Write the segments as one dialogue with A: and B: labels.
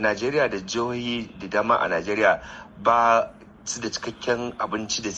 A: najeriya da jihohi da dama a najeriya ba su da cikakken abinci da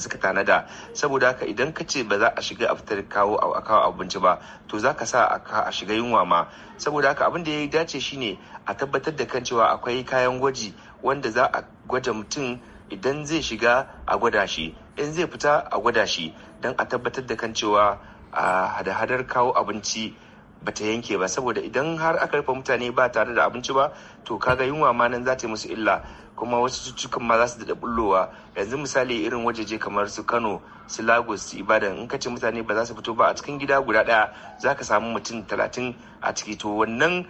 A: suka tanada saboda haka idan ka ce ba za a shiga a fitar kawo a kawo abinci ba to za ka sa a shiga yunwa ma saboda haka abin da ya dace shine a tabbatar da kan cewa akwai kayan gwaji wanda za a gwada mutum idan zai shiga a gwada shi in zai fita a gwada shi don a tabbatar da kan cewa a hada-hadar kawo abinci bata yanke ba saboda idan har aka rufe mutane ba tare da abinci ba to kaga yunwa ma nan za ta yi musu illa kuma wasu cututtukan ma za su daɗa bullowa yanzu misali irin wajeje kamar su kano su lagos su ibadan in ka ce mutane ba za su fito ba a cikin gida guda ɗaya za ka samu mutum talatin a ciki to wannan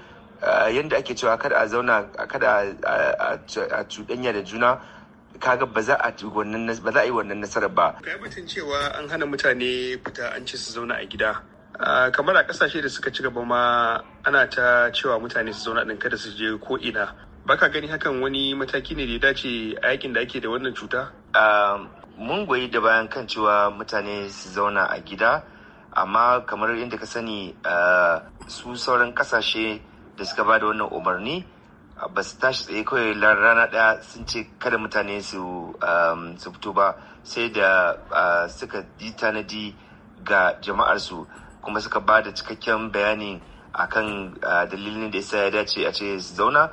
A: yadda ake cewa kada a zauna kada a cuɗanya da juna kaga ba za a yi wannan nasarar ba.
B: yi batun cewa an hana mutane fita an ce su zauna a gida. kamar a kasashe da suka ci gaba ma ana ta cewa mutane su zauna ɗin kada su je ko ina baka gani hakan wani mataki ne da ya dace a yakin da ake da wannan cuta mun goyi da bayan kan cewa mutane su zauna a gida amma
A: kamar inda ka sani su sauran kasashe da suka ba da wannan umarni ba su tashi tsaye kawai rana ɗaya sun ce kada mutane su fito ba sai da suka yi tanadi ga jama'arsu kuma suka ba da cikakken bayani akan ah, dalilin da yasa ya dace a ce su zauna